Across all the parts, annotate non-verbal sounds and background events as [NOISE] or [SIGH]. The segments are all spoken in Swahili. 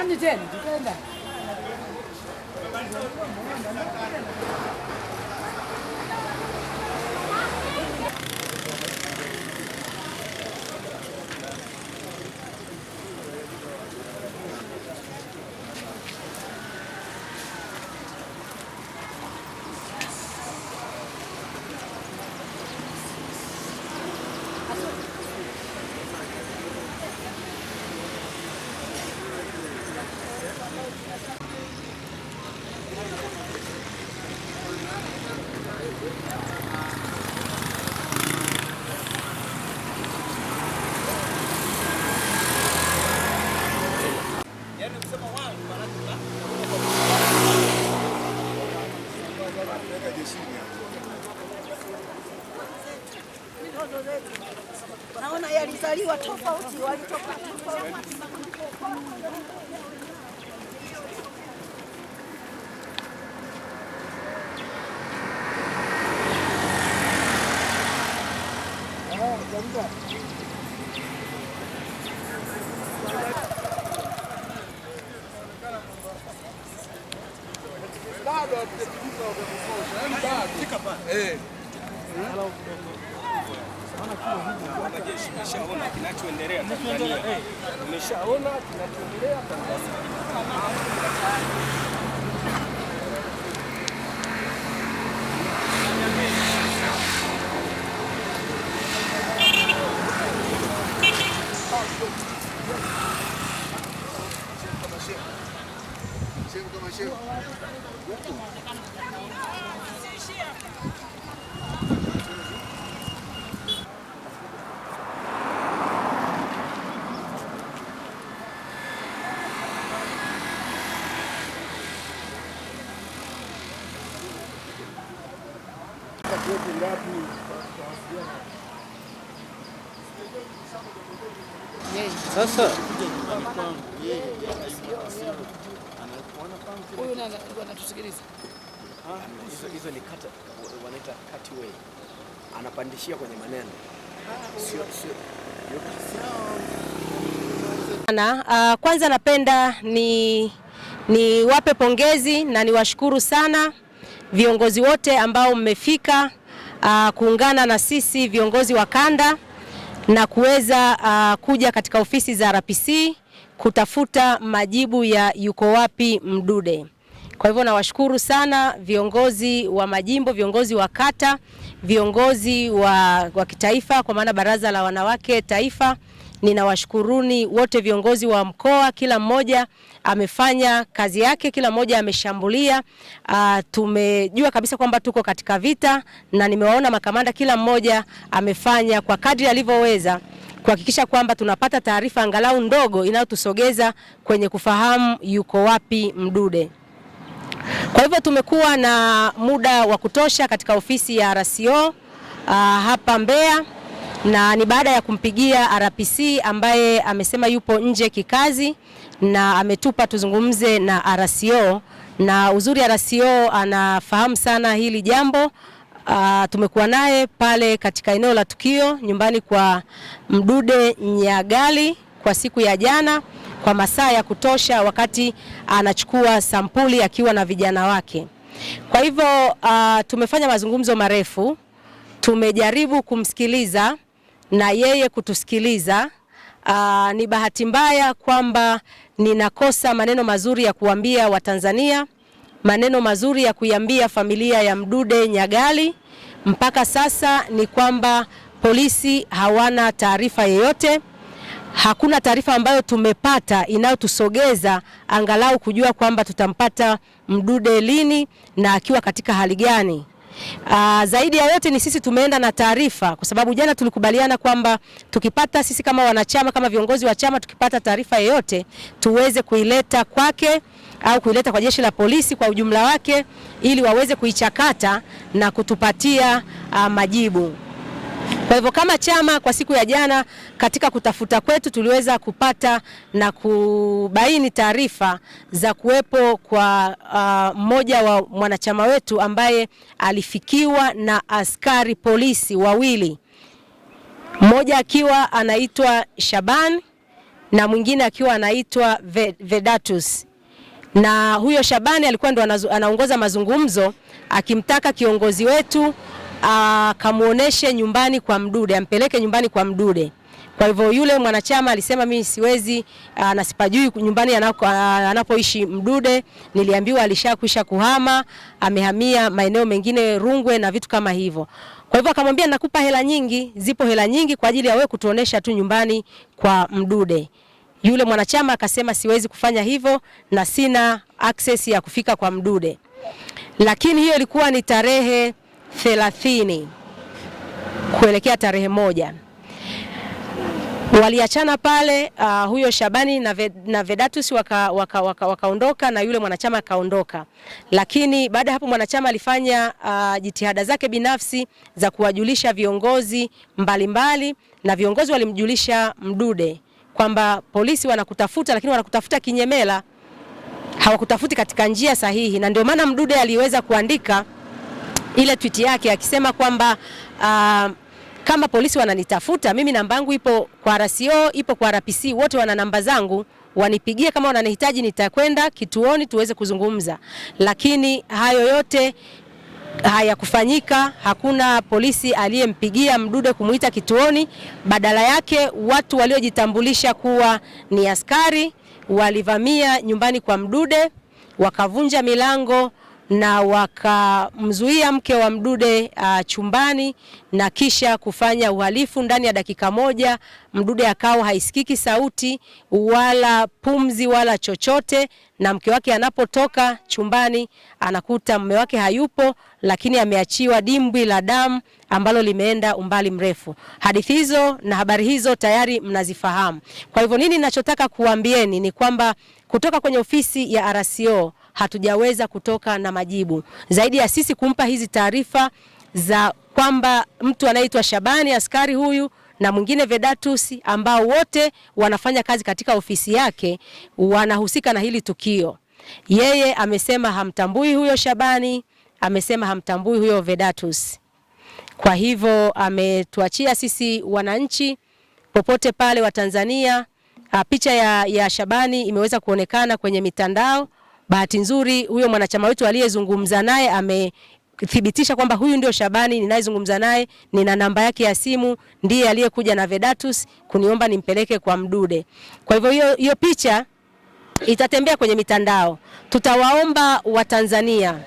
看得见，你看得见。walizaliwa tofauti, walitoka tofauti. Bado hatujafikisha wakati wa kutosha, yani bado. Eh. Tumeshaona kinachoendelea Tanzania, tumeshaona kinachoendelea Tanzania. Sehemu kama sio Sasa huyu anatusikiliza, hizo ni kata wanaita cutaway, anapandishia kwenye maneno sio sio na, uh, ah, kwanza napenda ni niwape pongezi na niwashukuru sana viongozi wote ambao mmefika uh, kuungana na sisi viongozi wa kanda na kuweza uh, kuja katika ofisi za RPC kutafuta majibu ya yuko wapi Mdude. Kwa hivyo nawashukuru sana viongozi wa majimbo, viongozi wa kata, viongozi wa, wa kitaifa kwa maana baraza la wanawake taifa Ninawashukuruni wote viongozi wa mkoa, kila mmoja amefanya kazi yake, kila mmoja ameshambulia. Ah, tumejua kabisa kwamba tuko katika vita, na nimewaona makamanda, kila mmoja amefanya kwa kadri alivyoweza kuhakikisha kwamba tunapata taarifa angalau ndogo inayotusogeza kwenye kufahamu yuko wapi Mdude. Kwa hivyo tumekuwa na muda wa kutosha katika ofisi ya RCO ah, hapa Mbeya na ni baada ya kumpigia RPC ambaye amesema yupo nje kikazi na ametupa tuzungumze na RCO, na uzuri RCO anafahamu sana hili jambo. Uh, tumekuwa naye pale katika eneo la tukio nyumbani kwa Mdude Nyagali kwa siku ya jana kwa masaa ya kutosha, wakati anachukua sampuli akiwa na vijana wake. Kwa hivyo uh, tumefanya mazungumzo marefu, tumejaribu kumsikiliza na yeye kutusikiliza. Aa, ah, ni bahati mbaya kwamba ninakosa maneno mazuri ya kuambia Watanzania, maneno mazuri ya kuiambia familia ya Mdude Nyagali mpaka sasa ni kwamba polisi hawana taarifa yoyote. Hakuna taarifa ambayo tumepata inayotusogeza angalau kujua kwamba tutampata Mdude lini na akiwa katika hali gani. Aa, ah, zaidi ya yote ni sisi tumeenda na taarifa kwa sababu jana tulikubaliana kwamba tukipata sisi kama wanachama kama viongozi wa chama tukipata taarifa yoyote tuweze kuileta kwake au kuileta kwa jeshi la polisi kwa ujumla wake ili waweze kuichakata na kutupatia uh, majibu. Kwa hivyo kama chama, kwa siku ya jana, katika kutafuta kwetu tuliweza kupata na kubaini taarifa za kuwepo kwa uh, mmoja wa mwanachama wetu ambaye alifikiwa na askari polisi wawili, mmoja akiwa anaitwa Shaban na mwingine akiwa anaitwa Vedatus na huyo Shabani alikuwa ndo anaongoza mazungumzo akimtaka kiongozi wetu akamwonyeshe nyumbani kwa Mdude, ampeleke nyumbani kwa Mdude. Kwa hivyo yule mwanachama alisema mimi siwezi ah, na sipajui nyumbani anako, ah, anapoishi Mdude. Niliambiwa alishakwisha kuhama, amehamia maeneo mengine Rungwe na vitu kama hivyo. Kwa hivyo akamwambia nakupa hela nyingi, zipo hela nyingi kwa ajili ya wewe kutuonesha tu nyumbani kwa Mdude. Yule mwanachama akasema siwezi kufanya hivyo na sina access ya kufika kwa Mdude. Lakini hiyo ilikuwa ni tarehe thelathini kuelekea tarehe moja waliachana pale. Uh, huyo Shabani na, ve, na Vedatus wakaondoka waka, waka, waka na yule mwanachama akaondoka, lakini baada ya hapo mwanachama alifanya uh, jitihada zake binafsi za kuwajulisha viongozi mbalimbali mbali, na viongozi walimjulisha Mdude kwamba polisi wanakutafuta, lakini wanakutafuta kinyemela, hawakutafuti katika njia sahihi, na ndio maana Mdude aliweza kuandika ile tweet yake akisema kwamba uh, kama polisi wananitafuta mimi, namba yangu ipo kwa RCO, ipo kwa RPC, wote wana namba zangu, wanipigie kama wananihitaji, nitakwenda kituoni tuweze kuzungumza. Lakini hayo yote hayakufanyika. Hakuna polisi aliyempigia Mdude kumuita kituoni. Badala yake watu waliojitambulisha kuwa ni askari walivamia nyumbani kwa Mdude wakavunja milango na wakamzuia mke wa Mdude uh, chumbani na kisha kufanya uhalifu ndani ya dakika moja. Mdude akawa haisikiki sauti wala pumzi wala chochote, na mke wake anapotoka chumbani anakuta mume wake hayupo, lakini ameachiwa dimbwi la damu ambalo limeenda umbali mrefu. Hadithi hizo na habari hizo tayari mnazifahamu. Kwa hivyo nini ninachotaka kuambieni ni kwamba kutoka kwenye ofisi ya RCO hatujaweza kutoka na majibu zaidi ya sisi kumpa hizi taarifa za kwamba mtu anaitwa Shabani askari huyu na mwingine Vedatus ambao wote wanafanya kazi katika ofisi yake wanahusika na hili tukio. Yeye amesema hamtambui huyo Shabani, amesema hamtambui huyo Vedatus. Kwa hivyo ametuachia sisi wananchi popote pale wa Tanzania. Ah, picha ya, ya Shabani imeweza kuonekana kwenye mitandao. Bahati nzuri huyo mwanachama wetu aliyezungumza naye ame thibitisha kwamba huyu ndio Shabani ninayezungumza naye, nina namba yake ya simu, ndiye aliyekuja na Vedatus kuniomba nimpeleke kwa Mdude. Kwa hivyo hiyo hiyo picha itatembea kwenye mitandao. Tutawaomba Watanzania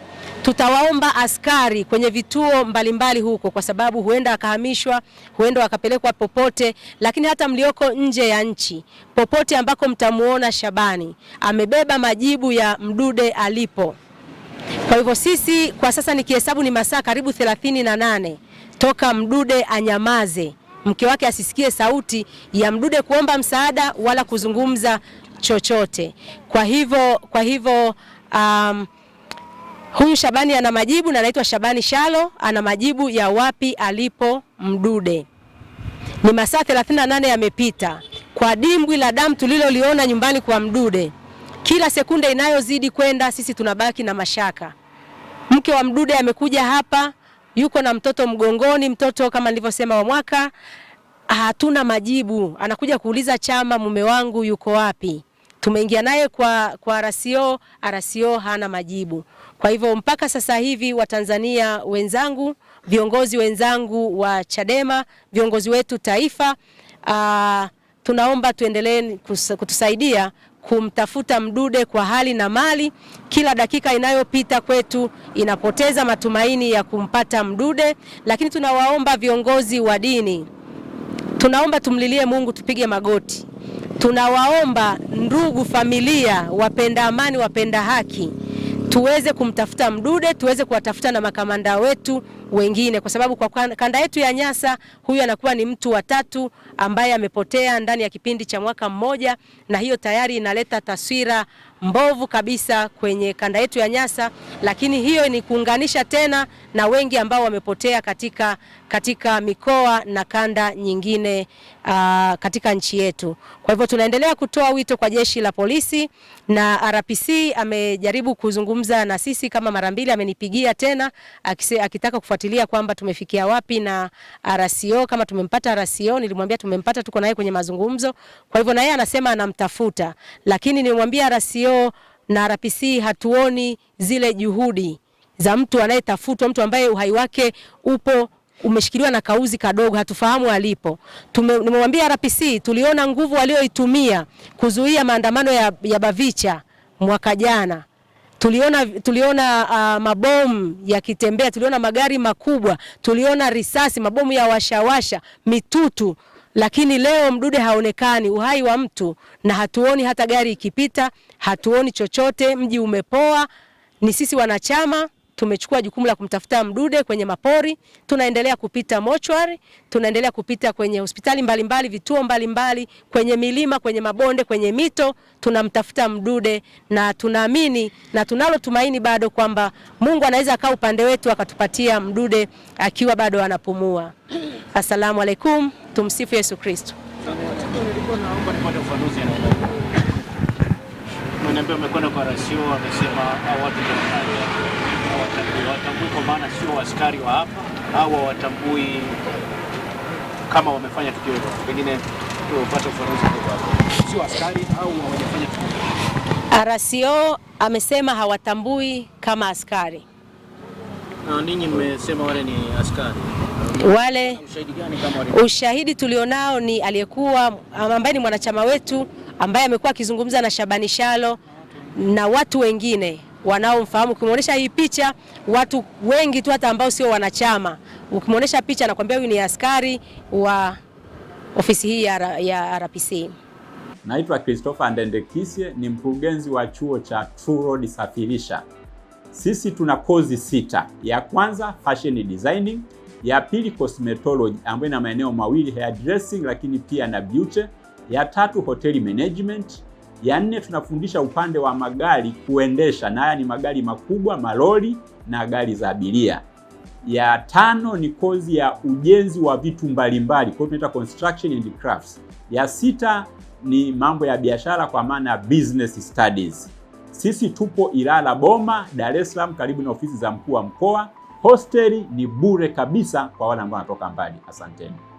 Tutawaomba askari kwenye vituo mbalimbali mbali huko, kwa sababu huenda akahamishwa, huenda akapelekwa popote. Lakini hata mlioko nje ya nchi, popote ambako mtamuona Shabani amebeba majibu ya Mdude alipo. Kwa hivyo sisi kwa sasa nikihesabu ni masaa karibu 38 na toka Mdude anyamaze, mke wake asisikie sauti ya Mdude kuomba msaada wala kuzungumza chochote. Kwa hivyo kwa hivyo um, Huyu Shabani ana majibu na anaitwa Shabani Shalo, ana majibu ya wapi alipo Mdude. Ni masaa 38 yamepita kwa dimbwi la damu tuliloliona nyumbani kwa Mdude. Kila sekunde inayozidi kwenda, sisi tunabaki na mashaka. Mke wa Mdude amekuja hapa, yuko na mtoto mgongoni, mtoto kama nilivyosema wa mwaka. Hatuna majibu, anakuja kuuliza Chama, mume wangu yuko wapi? Tumeingia naye kwa, kwa RCO, RCO hana majibu. Kwa hivyo mpaka sasa hivi Watanzania wenzangu, viongozi wenzangu wa Chadema, viongozi wetu taifa, uh, tunaomba tuendelee kutusaidia kumtafuta Mdude kwa hali na mali. Kila dakika inayopita kwetu inapoteza matumaini ya kumpata Mdude, lakini tunawaomba viongozi wa dini, tunaomba tumlilie Mungu, tupige magoti. Tunawaomba ndugu familia, wapenda amani, wapenda haki, tuweze kumtafuta Mdude, tuweze kuwatafuta na makamanda wetu wengine, kwa sababu kwa kanda yetu ya Nyasa huyu anakuwa ni mtu wa tatu ambaye amepotea ndani ya kipindi cha mwaka mmoja, na hiyo tayari inaleta taswira mbovu kabisa kwenye kanda yetu ya Nyasa, lakini hiyo ni kuunganisha tena na wengi ambao wamepotea katika, katika mikoa na kanda nyingine uh, katika nchi yetu. Kwa hivyo tunaendelea kutoa wito kwa jeshi la polisi na RPC amejaribu kuzungumza na sisi kama mara mbili, amenipigia tena akise, akitaka kufuatilia kufuatilia kwamba tumefikia wapi na RCO, kama tumempata RCO. Nilimwambia tumempata, tuko naye kwenye mazungumzo. Kwa hivyo na yeye anasema anamtafuta, lakini nilimwambia RCO na RPC hatuoni zile juhudi za mtu anayetafutwa, mtu ambaye uhai wake upo umeshikiliwa na kauzi kadogo, hatufahamu alipo. Nimemwambia RPC tuliona nguvu walioitumia kuzuia maandamano ya, ya Bavicha mwaka jana Tuliona, tuliona uh, mabomu yakitembea, tuliona magari makubwa, tuliona risasi, mabomu ya washawasha, mitutu, lakini leo mdude haonekani, uhai wa mtu, na hatuoni hata gari ikipita, hatuoni chochote. Mji umepoa. Ni sisi wanachama tumechukua jukumu la kumtafuta Mdude kwenye mapori. Tunaendelea kupita mochwari, tunaendelea kupita kwenye hospitali mbalimbali, vituo mbalimbali, kwenye milima, kwenye mabonde, kwenye mito, tunamtafuta Mdude na tunaamini na tunalo tumaini bado kwamba Mungu anaweza akaa upande wetu akatupatia Mdude akiwa bado anapumua. Asalamu [CLEARS THROAT] alaikum, tumsifu Yesu Kristo watambui kwa maana sio askari wa hapa au watambui kama wamefanya tukio hilo, pengine tupate ufafanuzi kwa sio askari au wamefanya tukio. RCO amesema hawatambui kama askari na ninyi mmesema wale ni askari wale. Ushahidi gani kama wale? Ushahidi tulionao ni aliyekuwa ambaye ni mwanachama wetu ambaye amekuwa akizungumza na Shabani Shalo na watu wengine wanaomfahamu. Ukimwonyesha hii picha, watu wengi tu hata ambao sio wanachama, ukimwonyesha picha anakuambia huyu ni askari wa ofisi hii ya, ya RPC. Naitwa Christopher Ndendekisye, ni mkurugenzi wa chuo cha True Road Safirisha. Sisi tuna kozi sita. Ya kwanza fashion designing, ya pili cosmetology ambayo ina maeneo mawili hairdressing, lakini pia na beauty. Ya tatu hoteli management ya nne tunafundisha upande wa magari kuendesha, na haya ni magari makubwa, malori na gari za abiria. Ya tano ni kozi ya ujenzi wa vitu mbalimbali, kwa hiyo tunaita construction and crafts. Ya sita ni mambo ya biashara kwa maana business studies. Sisi tupo Ilala Boma, Dar es Salaam, karibu na ofisi za mkuu wa mkoa. Hosteli ni bure kabisa kwa wale ambao wanatoka mbali. Asanteni.